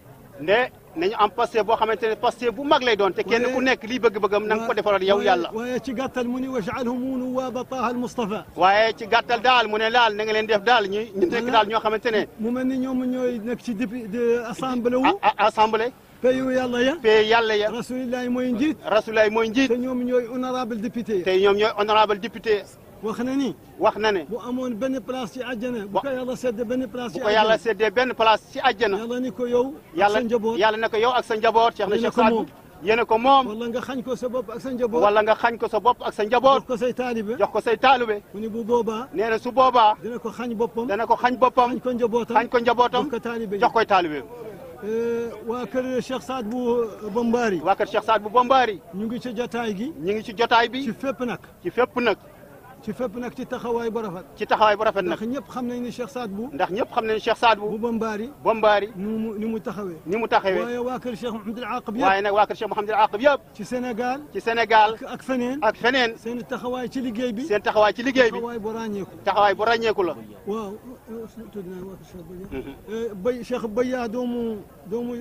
nañu am Pastef boo xamante ne Pastef bu mag lay doon te kenn ku nekk lii bëgg-bëggam na nga ko defaral yow yàlla waaye ci gàttal mu ni waj'alhum nuwaaba Taha al Mustafa waaye ci gàttal daal mu ne daal na nga leen def daal ñu ñu nekk daal ñoo xamante ne mu mel ni ñoom ñooy nekk ci de assemblée wu assemblée payu yàlla ya payu yàlla ya rasulillahi mooy njiit rasulillahi mooy njiit te ñoom ñooy honorable député te ñoom ñooy honorable député وخناني وخناني bu amoon benn place ci àjjana bu ko yàlla séddee benn place ci bu ko yàlla séddee benn place ci àjjana yàlla ni ko yow yàlla sa njaboot yàlla ne ko yow ak sa nga xagn ko sa bop ak sa njaboot wala nga xagn ko sa bop ak sa njaboot jox ko say taalibe jox ko say taalibe mu ni bu boba nee su boba dina ko xagn bopam dina ko xagn bopam xagn ko njabootam xagn ko njabootam jox ko talibé wa keur cheikh saad bu Bombari wa keur Cheikh saad bu Bombari ñu ngi ci jotaay gi ñu ngi ci jotaay bi ci fep nak ci fep nak ci fep nak ci taxaway bu rafet ci taxaway bu rafet nag ndax ñëpp xam nañ ne Cheikh Saad Bou ndax ñëpp xam nañ Cheikh Saad Bou bu Bambaari Bambaari ni mu ni ni mu taxawee waaye waa kër Cheikh Mouhamadul Aqib yëpp waaye nag waa kër Cheikh Mouhamadul Aqib yëpp ci Sénégal ci Sénégal ak feneen ak feneen seen taxawaay ci liggéey bi seen taxawaay ci liggéey bi taxawaay bu ràññeeku taxawaay bu ràññeeku la waaw tudd naa waa kër Cheikh Bay Cheikh Baya doomu doomu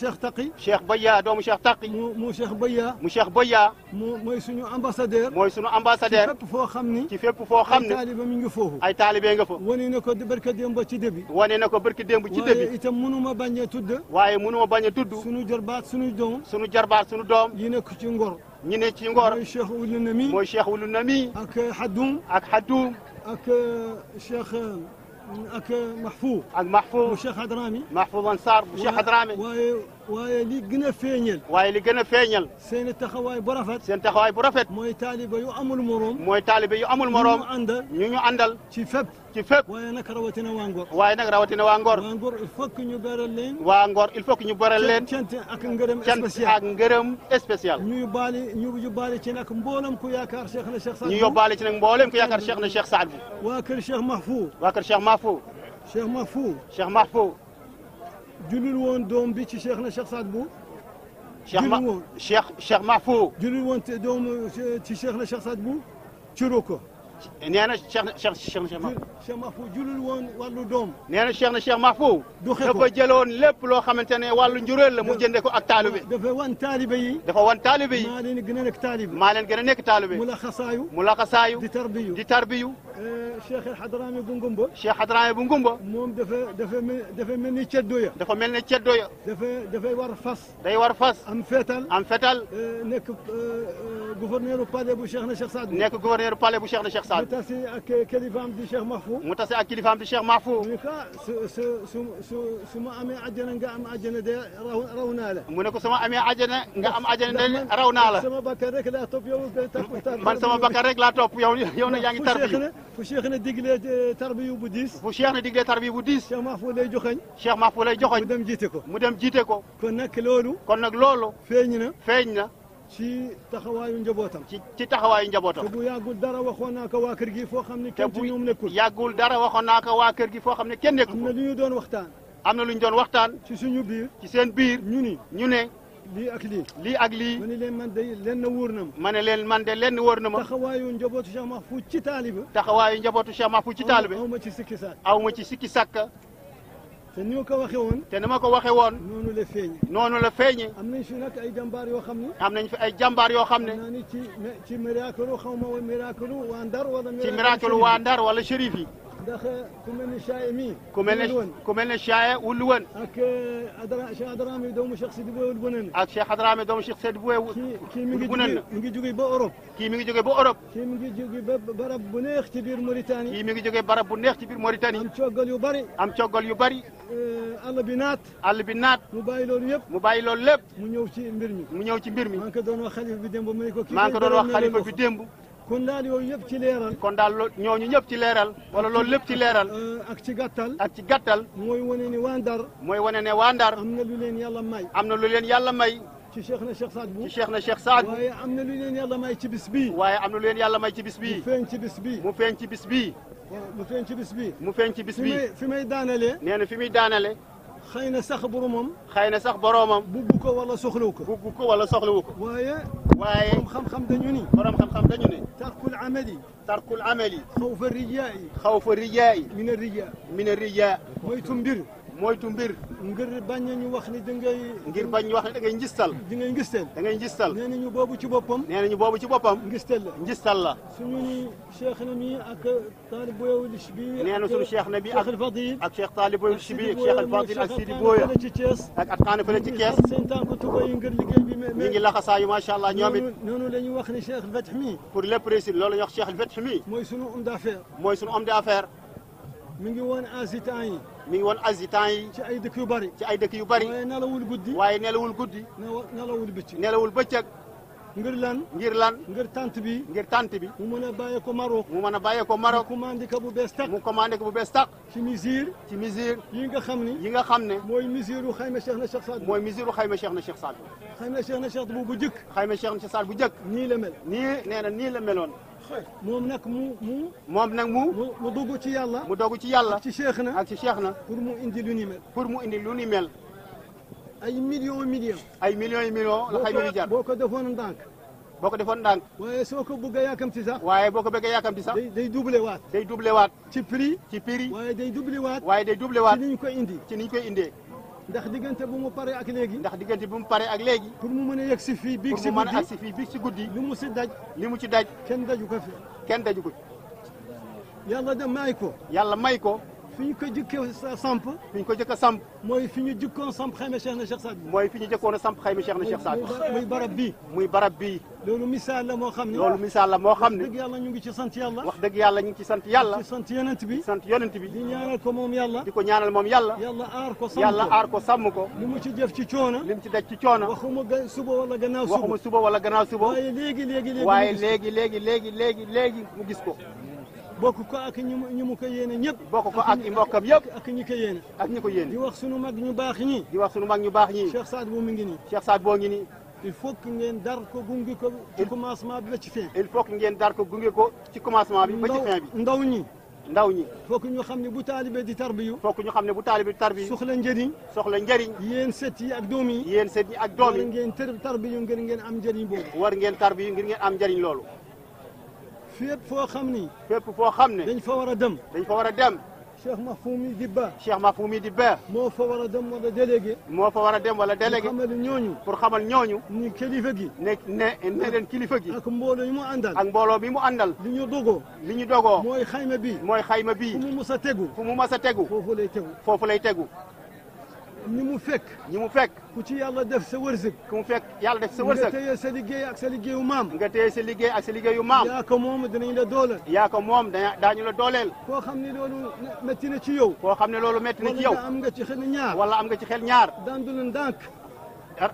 Cheikh Taqi Cheikh Baya doomu Cheikh Taqi mu Cheikh Baya mu Cheikh Baya mu mooy suñu ambassadeur mooy suñu ambassadeur fépp foo ni ci fépp foo xam ne ay taalibe mi ngi foofu ay taalibe nga fa wane na ko barka démb ci début wane na ko barka démb ci début waaye itam mënuma bañ a tudd waaye mënuma bañ a tudd sunu jarbaat sunu doom sunu jarbaat sunu doom yi nekk ci ngor ñi ne ci ngor mooy cheikh wulu na mi mooy cheikh wulu na mi ak xadum ak xadum ak cheikh ak mahfouz ak mahfouz bu cheikh hadrami mahfouz ansar bu cheikh hadrami waaye واي لي غنا فينيل واي لي غنا فينيل سين تخواي برافت سين تخواي برافت موي طالب يو امول مروم موي طالب يو امول مروم اندال ني ني اندال سي فيب سي فيب واي نك رواتينا وانغور واي نك رواتينا وانغور وانغور الفوك ني بارال لين وانغور الفوك ني بارال julul woon doom bi ci Cheikh na Cheikh Saad Bou. julul woon Cheikh Cheikh Mahfou. julul woon te doom ci Cheikh na Cheikh Saad Bou cëroo ko. nee na Cheikh Cheikh Cheikh Mahfouz. Cheikh Mahfouz julul woon wàllu doom. nee na Cheikh na Cheikh Mahfouz. du xeexoo dafa jëloon lépp loo xamante ne wàllu njuréel la mu jëndee ko ak taalibe. dafa wan taalibe yi. dafa wan taalibe yi. maa leen gën a nekk taalibe. maa leen gën a nekk taalibe. mu la xasaayu. mu la xasaayu. di tarbiyu di tarbiyu. Cheikh Hadrami bu Ngumba. Cheikh Hadrami bu Ngumba. moom dafa dafa mel dafa mel ni ceddo ya. dafa mel ni ceddo ya. dafa dafay war fas. day war fas. am fetal am fetal. nekk gouverneur palais bu Cheikh na Cheikh Saad. nekk gouverneur palais bu Cheikh na Cheikh Sall. mu tase ak kilifaam di Cheikh Mahfou. mu tase ak kilifaam di Cheikh Mahfou. mu ne ko su su su su ma amee àjjana nga am àjjana de raw raw naa la. mu ne ko sama amee àjjana nga am àjjana de raw naa la. sama bakkan rek laa topp yow. man sama bakkan rek laa topp yow yow na yaa ngi tarbiyu. fu Cheikh na diglee tarbiyu bu diis. fu Cheikh na diglee tarbiyu bu diis. Cheikh Mahfou lay joxoñ. Cheikh Mahfou lay joxoñ. mu dem jiite ko. mu dem jiite ko. kon nag loolu. kon nag loolu. feeñ na feeñ na. ci taxawaayu njabootam. ci ci taxawaayu njabootam. te bu yàggul dara waxoon naa ko waa kër gi foo xam ne kenn ci ñoom nekkul. yàggul dara waxoon naa ko waa kër gi foo xam ne kenn nekkul. am na lu ñu doon waxtaan. am na lu ñu doon waxtaan. ci suñu biir. ci seen biir ñu ni ñu ne. lii ak lii. lii ak lii. ma ne leen man de lenn wóor na ma. ma ne leen man de lenn wóor na ma. taxawaayu njabootu Cheikh Mahfouz ci taaliba. taxawaayu njabootu Cheikh Mahfouz ci taaliba. aw ma ci sikki sàkk. aw ma ci sikki sàkk. te ni ma ko waxee woon. te ni ma ko waxee woon. noonu la feeñee. noonu la feeñee. am nañ fi nag ay jàmbaar yoo xam ne. am nañ fi ay jàmbaar yoo xam ne. naa ni ci ci miracle xaw ma miracle waa Ndar wala. miracle ci miracle waa Ndar wala shérif yi. داخل كمان الشايمين كمان كمان الشاي واللون اك ادرا شي ادرامي دوم شخص دبو والبنن اك شي حضرامي دوم شخص دبو كي من يجي يجي بأوروب كي من يجي يجي بأوروب كي من يجي يجي برب بنيخ تبير موريتاني كي من يجي يجي برب بنيخ تبير موريتاني ام تشغل يبري ام تشغل يبري الله بنات الله بنات موبايل يب موبايل لب مو ñew ci mbir mi mu ñew ci mbir mi man ko doon wax xalifa bi kon daal yooyu yëpp ci leeral kon daal ñooñu ñëpp ci leeral wala loolu lépp ci leeral euh, ak ci gàttal ak ci gàttal mooy wane ne waa Ndar mooy wane ne waa Ndar am na lu leen yàlla may am na lu leen yàlla may ci Cheikh na Cheikh Saad Bou ci Cheikh na Cheikh Saad waaye am na lu leen yàlla may ci bis bii waaye am na lu leen yàlla may ci bis bii mu feeñ ci bis bii mu feeñ ci bis bii mu feeñ ci bis bii mu feeñ ci bis bii fi may daanelee nee na fi muy daanelee خاين سخ برومم خاين سخ برومم بوكو ولا سخلوكو بوكو ولا سخلوكو واي واي برم خم خم دنيوني برم خم خم دنيوني ترك العملي ترك العملي خوف الرجائي خوف الرجائي من الرجاء من الرجاء ويتم بيرو moytu mbir ngir bañ ñu wax ni da ngay ngir bañ ñu wax ni da ngay ngistal di ngay ngistal da ngay ngistal neena ñu bobu ci bopam neena ñu bobu ci bopam ngistal la ngistal la suñu ni cheikh na mi ak talib boye wul shibi neena suñu cheikh na bi ak ak cheikh talib boye wul shibi ak cheikh al fadil ak sidi boye ak at fële ci kess kees seen tu tubay ngir liggéey bi mais ngi la xasa yu ma sha Allah noonu la lañu wax ni cheikh al fatih mi pour le précis lolu la ñu wax cheikh al fatih mi mooy suñu homme d'affaires moy suñu homme d'affaires mi ngi woon en yi mi ngi woon Asie temps yi ci ay dëkk yu bari ci ay dëkk yu bari waaye nelawul guddi waaye nelawul guddi nelawul ngir lan ngir lan ngir tant bi ngir tante bi mu meuna baye ko Maroc mu meuna baye ko Maroc mu commandé ko bu bes tak mu commandé ko bu bes tak ci misir ci misir yi nga xamni yi nga xamne moy misiru xayma Cheikh na Cheikh Saad moy misiru xayma Cheikh na Cheikh Saad xayma Cheikh na Cheikh bu bu jek xayma Cheikh na Cheikh Saad bu jek ni la mel ni neena ni la melone moom nag mu mu. moom nag mu. mu mu dogu ci yàlla. mu dogu ci yàlla. ak ci cheikh na ak ci cheikh na. pour mu indi lu ni mel. pour mu indi lu ni mel. ay millions millions. ay millions yi millions la xay mi di jar boo ko defoon ndànk. boo ko defoon ndànk. waaye soo ko bëggee yàkkamti sax. waaye boo ko bëggee yàkkamti sax. day day doublé waat. day doublé waat. ci prix. ci prix. waaye day doublé waat. waaye day doublé waat. ci ni ñu koy indi. ci ni ñu koy indee. ndax diggante bu mu paree ak léegi ndax diggante bu mu paree ak léegi pour mu mën a yegg si fii biig si guddi pour mu mën a agsi fii biig si guddi li mu si daj li ci daj kenn daju ko fi kenn daju ko fi dem da may ko yàlla may ko fi ñu ko jëkkee samp fi ñu ko jëkk a samp mooy fi ñu jëkkoon samp xayma Cheikh na Cheikh Saad bi mooy fi ñu jëkkoon a samp xayma Cheikh na Cheikh Saad bi muy barab bii muy barab bii loolu misaal la moo xam ne loolu misaal la moo xam ne wax dëgg yàlla ñu ngi ci sant yàlla wax dëgg yàlla ñu ngi ci sant yàlla ci sant yonent bi sant yonent bi di ñaanal ko moom yàlla di ko ñaanal moom yàlla yàlla aar ko sàmm yàlla aar ko sàmm ko li mu ci jëf ci coono li mu ci daj ci coono waxuma suba wala gannaaw suba waxuma suba wala gannaaw suba waaye léegi léegi léegi waaye léegi léegi léegi léegi léegi mu gis ko bokk ko ak ñi mu ñi ñëpp. bokk ko ak mbokkam yëpp ak ñi ko yéene. ak ñi ko yéene di wax sunu mag ñu baax ñi. di wax sunu mag ñu baax ñi. Cheikh Saad Bou mi ngi nii. Cheikh Saad Bou ngi nii. il faut ngeen dar ko gunge ko. ci commencement bi ba ci fin. il ko gunge ko ci commencement bi ndaw ñi. ndaw ñi fokk ñu xam ne bu taalibe di tarbiyu fokk ñu xam ne bu taalibe di tarbiyu soxla njëriñ soxla njëriñ yéen sët yi ak doom yi yéen sët yi ak doom yi war ngeen tarbiyu ngir ngeen am njëriñ boobu war ngeen tarbiyu ngir ngeen am njëriñ loolu فيب فو خمني فيب فو خمني بين فور دم بين فور دم شيخ مفهومي دبا شيخ مفهومي دبا مو فور دم ولا ديليغي مو فور دم ولا ديليغي خمل نيونيو بور خمل نيونيو ني كليفغي نك ني نيدن كليفغي اك مبولو مو اندال اك مبولو بي مو اندال لي ني دوغو لي ني دوغو موي خايمه بي موي خايمه بي فومو مسا تيغو فومو مسا تيغو فوفو لي ñi mu fekk ñi mu fekk ku ci yàlla def sa wërsëg ku mu fekk yàlla def sa wërsëg nga téye sa liggéey ak sa liggéeyu maam nga téye sa liggéey ak sa liggéeyu maam yaa ko moom dinañ la dooleel yaa ko moom daañu la dooleel koo xam ne loolu métti na ci yow koo xam ne loolu métti na ci yow wala am nga ci xel ñaar wala am nga ci xel ñaar dandul ndànk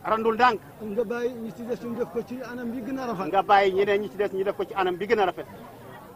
randul ndànk nga bàyyi ñi ci des ñu def ko ci anam bi gën a rafet nga bàyyi ñeneen ñi ci des ñu def ko ci anam bi gën a rafet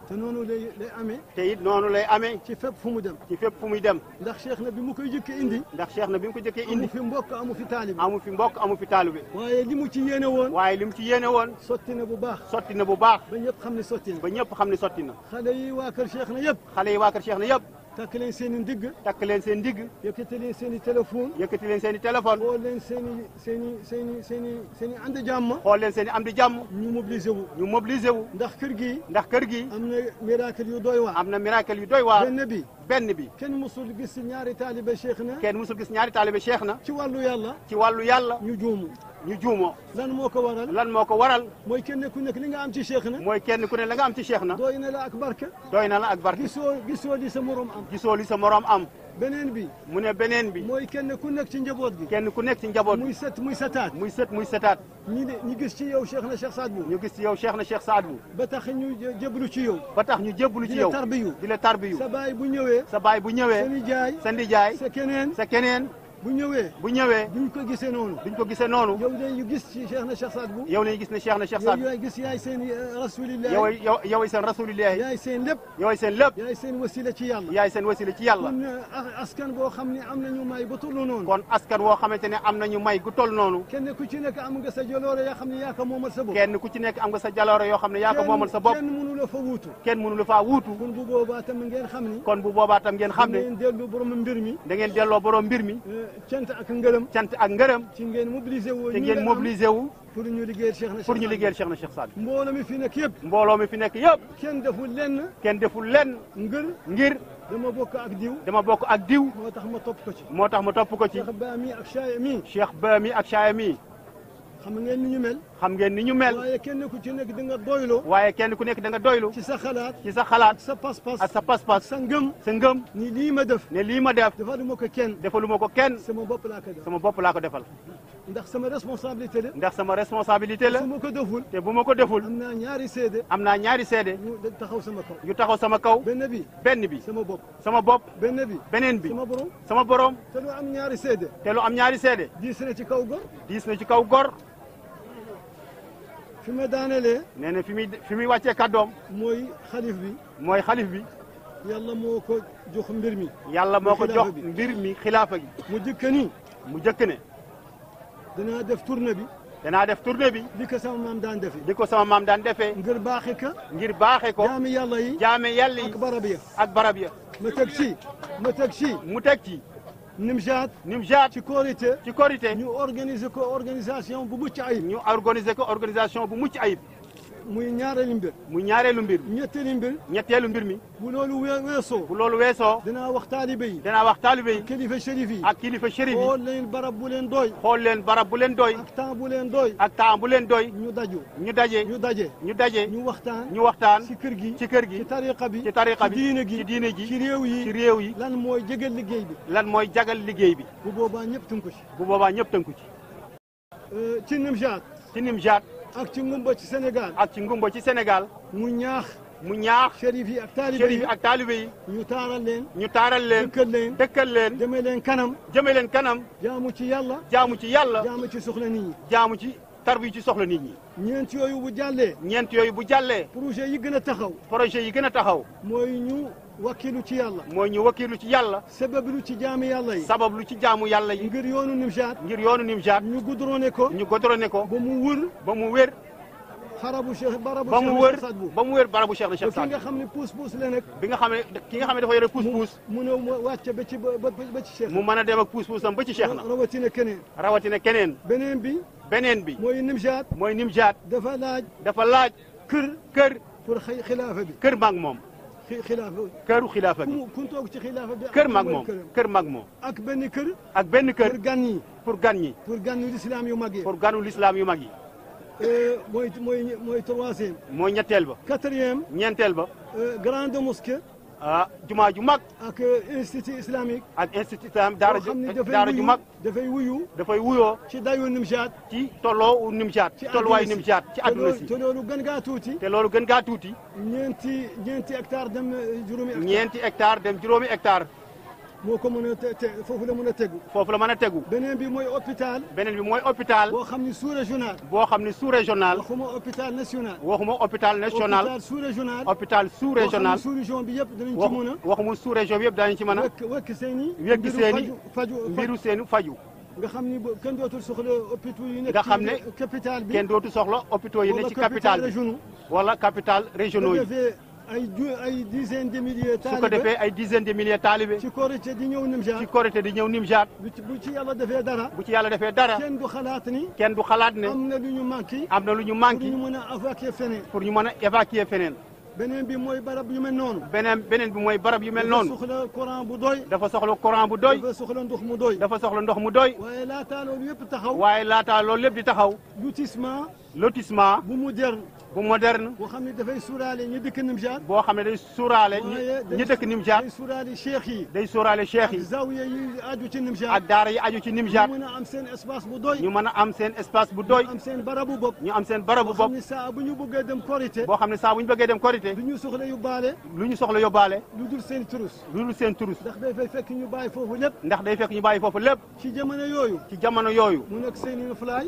te noonu lay lay amee te it noonu lay amee ci fépp fu mu dem ci fépp fu muy dem ndax cheikh na bi mu koy jëkkee indi ndax cheikh na bi mu ko jëkkee indi amu fi mbokk amu fi taalibe amu fi mbokk amu fi taalibe waaye li mu ci yéene woon waaye li mu ci yéene woon sotti na bu baax sotti na bu baax ba ñëpp xam ne sotti na ba ñëpp xam ne sotti na xale yi waa kër cheikh na yëpp xale yi waa kër cheikh na yëpp takk leen seen i ndigg takk leen seen ndigg yëkkati leen seen i téléphone yëkkati téléphone xool leen seen i seen i seen i seen i seen i jàmm xool leen seen i am jàmm ñu mobiliser wu ñu mobiliser wu ndax kër gi ndax kër gi am na miracle yu doy waar am na miracle yu doy waar benn bi بن بي كان مصول قس نياري تالي بشيخنا كان مصول قس نياري تالي بشيخنا كي والو يلا كي والو يلا نجومو نجومو لان موكا ورال لان موكا ورال موي كان نكون لك لنغا امتي شيخنا موي كان نكون لنغا امتي شيخنا دوينا لا اكبرك دوينا لا اكبرك قسو قسو لي سمورم ام قسو لي سمورم ام بنين بي من بنين بي موي كان نكون لك تنجبوت بي كان نكون لك تنجبوت موي ست موي ستات موي ست موي ستات ني ني غيس تي يو شيخنا شيخ سعد بو ني غيس تي يو شيخنا شيخ سعد بو باتاخ ني جبلو تي يو باتاخ ني جبلو تي يو دي تربيو دي تربيو سباي بو نيوي sa baay bu ñëwee sa nijaay sa keneen sa keneen bu ñëwee bu ñëwee duñ ko gisee noonu duñ ko gisee noonu yow dañu gis ci Cheikh na Cheikh Saad Bou yow dañu gis ne Cheikh na Cheikh Saad Bou yow gis yaay seen rasulillah yow yow yow seen rasulillah yaay seen lépp yow seen lépp yaay seen wasila ci yàlla yaay seen wasila ci yàlla kon askan boo xam ne am nañu may bu toll noonu kon askan woo xamante ne am nañu may gu toll noonu kenn ku ci nekk am nga sa jaloore yoo xam ne yaa ko moomal sa bopp kenn ku ci nekk am nga sa jaloore yoo xam ne yaa ko moomal sa bopp kenn mënu la fa wuutu kenn mënu la faa wuutu kon bu boobaa tam ngeen xam ni kon bu boobaa tam ngeen xam ne da ngeen delloo borom mbir mi da ngeen delloo borom mbir mi cant ak ngërëm. cant ak ngërëm. ci ngeen mobilisé wu. ci ngeen wu. pour ñu liggéeyal Cheikh na pour ñu liggéeyal Cheikh na Cheikh Saad Bou. mbooloo mi fi nekk yëpp. mbooloo mi fi nekk yëpp. kenn deful lenn. kenn deful lenn. ngir ngir. dama bokk ak diw. dama bokk ak diw. moo tax ma topp ko ci. moo tax ma topp ko ci. Cheikh Ba mi ak Chaaya mi. Cheikh Ba mi ak Chaaya mi. xam ngeen ni ñu mel. xam ngeen ni ñu mel. waaye kenn ku ci nekk da nga doylu. waaye kenn ku nekk da nga doylu. ci sa xalaat. ci sa xalaat. sa pas-pas ak sa pas-pas. sa ngëm. sa ngëm. ni lii ma def. ne lii ma def. defaluma ko kenn. defaluma ko kenn. sama bopp laa ko def. sama bopp laa ko defal. ndax sama responsabilité la. ndax sama responsabilité la. su ma ko deful. te bu ma ko deful. am naa ñaari seede. am naa ñaari seede. yu taxaw sama kaw. yu taxaw sama kaw. benn bi benn bi. sama bopp sama bopp. benn bi beneen bi. sama borom sama borom. te lu am ñaari seede. te lu am ñaari seede. diis na ci kaw gor. diis na ci kaw gor. fimé ma daanelee. nee na fi muy fi muy wàccee kàddoom. bi. moy khalif bi. yàlla moko jox mbir mi. yàlla moko jox mbir mi khilafa gi. mu jëkke ni. mu jëkke ne. danaa def tourné bi. danaa def tourné bi. li sama mam daan defee. li sama mam daan defé ngir baxé ko ngir baxé ko. jami yàlla yi jami yàlla yi. ak barab ya ak barab ya. ma teg ci ma teg ci. mu teg ci. Nimjaat. Nimjaat ci korité. ci korité ñu organiser ko organisation bu mucc ayib. ñu organiser ko organisation bu mucc ayib. muy ñaareelu mbir muy ñaareelu mbir ñetteelu mbir ñetteelu mbir mi bu loolu weesoo bu loolu weesoo dinaa wax taalibe yi dinaa wax taalibe yi kilifa shérif yi ak kilifa shérif yi xool leen barab bu leen doy xool leen barab bu leen doy ak temps bu leen doy ak temps bu leen doy ñu daju ñu daje ñu daje ñu daje ñu waxtaan ñu waxtaan ci kër gi ci kër gi ci tariqa bi ci tariqa bi ci diine gi ci diine gi ci réew yi ci réew yi lan mooy jégal liggéey bi lan mooy jagal liggéey bi bu boobaa ñëpp tënku ci bu boobaa ñëpp tënku ci ci Nimjaat ci Nimjaat ak ci ngumba ci Sénégal. ak ci ngumba ci Sénégal. mu ñaax. mu ñaax. shérif ak taalibe yi ak taalibe yi. ñu taaral leen. ñu taaral leen dëkkal leen dëkkal leen. jëme leen kanam. jëme leen kanam. jaamu ci yàlla. jaamu ci yàlla. jaamu ci soxla nit ñi. jaamu ci. tarb yi ci soxla nit ñi. ñeent yooyu bu jàllee. ñeent yooyu bu jàllee. projet yi gën a taxaw. projet yi gën a taxaw. mooy ñu wakkilu ci yàlla. mooy ñu wakkilu ci yàlla. sabablu ci jaamu yàlla yi. sabablu ci jaamu yàlla yi. ngir yoonu Nimjaat. ngir yoonu Nimjaat. ñu godroné ko. ñu godroné ko. ba mu wër. ba mu wér xarabu cheikh barabu ba mu wër ba mu wër barabu cheikh na cheikh Saad Bou nga xam ne puus puus la nag bi nga xam ne ki nga xam ne dafa yore puus puus mu ne wàcce ba ci ba ci cheikh mu mën a dem ak puus puusam ba ci cheikh na rawatina keneen rawatina keneen beneen bi beneen bi mooy nimjaat mooy nimjaat dafa laaj dafa laaj kër kër pour xilaafa bi kër maag moom xilaafa këru xilaafa bi ku toog ci xilaafa bi kër mag moom kër mag moom ak benn kër ak benn kër pour gan ñi pour gan ñi pour Euh, mooy mooy mooy troisième. mooy ñetteel ba. quatrième. ñeenteel ba. Euh, grande mosquée. ah jumaa ju mag. ak euh, institut islamique. ak institut islamique daara ju daara ju mag. dafay wuyu dafay wuyoo. ci dayu nimjaat. ci tolloo nimjaat. ci tolluwaayu nimjaat ci adduna si. te loolu gën gaa tuuti. te loolu gën gaa tuuti. ñeenti ñeenti hectare dem juróomi ñeenti hectare dem juróomi hectare. moo ko mën a te foofu la mën a tegu foofu la mën a tegu beneen bi mooy hôpital beneen bi mooy hôpital boo xam ni sous régional boo xam ni sous régional waxuma hôpital national waxuma hôpital national hôpital sous régional hôpital sous régional sous bi yëpp danañ ci mën a waxuma sous région bi yëpp danañ ci mën a wekk seen i wekk seen i faju seen i faju nga xam ni kenn dootul soxla hôpitaux yi nekk nga xam ne capital bi kenn dootul soxla hôpitaux yi nekk ci capital bi wala capital régionaux yi ay ju ay dizaine de milliers. taalibe ay dizaine de milliers taalibe. ci korite di ñëw Nimjaat ci korite di ñëw Nimjaat. bu ci yàlla defee dara. bu ci yàlla defee dara. kenn du xalaat ni. kenn du xalaat ne. am na lu ñu manqué. am na lu ñu manqué. pour ñu mën a évacuer feneen. feneen. beneen bi mooy barab yu mel noonu. beneen beneen bi mooy barab yu mel noonu. dafa soxla courant bu doy. dafa soxla courant bu doy. dafa soxla ndox mu doy. dafa soxla ndox mu doy. taxaw. waaye laataa loolu yëpp di taxaw. lotissement. lotissement bu moderne. boo xam ne dafay suuraale ñi dëkk Nimjaar. boo xam ne day suuraale ñi dëkk Nimjaar. day suuraale cheikh yi. day suuraale cheikh yi. ak zaawiya yi aju ci Nimjaar. ak daara yi aju ci Nimjaar. ñu mën a am seen espace bu doy. ñu mën a am seen espace bu doy. ñu am seen barabu bopp. ñu am seen barabu bopp. boo xam ne saa bu ñu bëggee dem korité. boo xam ne saa bu ñu bëggee dem korité. lu ñu soxla yóbbaale. lu ñu soxla yóbbaale. lu dul seen turus. lu dul seen turus. ndax day fekk ñu bàyyi foofu lépp. ndax day fekk ñu bàyyi foofu lépp. ci jamono yooyu. ci jamono yooyu. mu nekk seen noflaay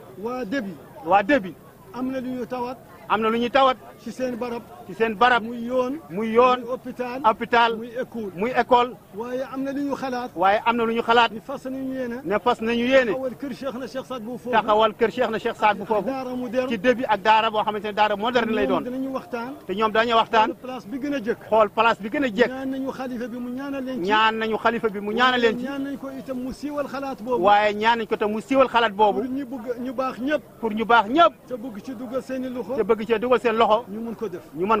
waa Débi. waa Débi. am na lu ñuy tawat. am na lu ñuy tawat. ci seen barab. ci seen barab muy yoon muy yoon hôpital muy école waaye am na lu ñu xalaat waaye am na lu ñu xalaat ne fas nañu yéene ne fas nañu yéene taxawal kër Cheikh na Cheikh Saad bu foofu taxawal kër Cheikh na Cheikh Saad bu foofu ci début ak daara boo xamante ne daara moderne lay doon dinañu waxtaan te ñoom dañuy waxtaan place bi gën a jëkk xool place bi gën a jëkk ñaan nañu xalifa bi mu ñaanal leen ci ñaan nañu xalifa bi mu ñaanal leen ci ñaan nañ ko itam mu siiwal xalaat boobu waaye ñaan nañ ko itam mu siiwal xalaat boobu ñu bëgg ñu baax ñëpp pour ñu baax ñëpp te bëgg ci dugal seen loxo te bëgg ci dugal seen loxo ñu mën ko def ñu mën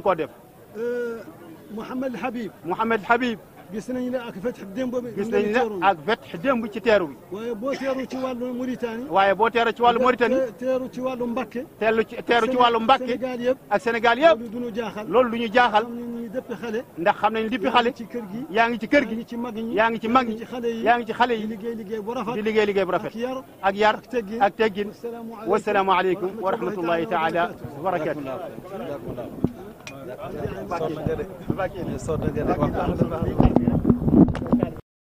محمد الحبيب محمد الحبيب قسنا لا اك فتح دين بو قسنا لا اك فتح دين بو تيرو وي بو تيرو تي والو موريتاني واي بو تيرو تي والو موريتاني تيرو تي والو مباكي تيرو تيرو تي والو مباكي اك سنغال ييب لولو جاخال لولو لو ني جاخال ديب خالي ندا خامن ني ديب خالي تي كيرغي ياغي تي كيرغي تي ماغي ياغي تي ماغي ياغي تي خالي ليغي ليغي برافات والسلام عليكم ورحمه الله تعالى وبركاته الله الله Sure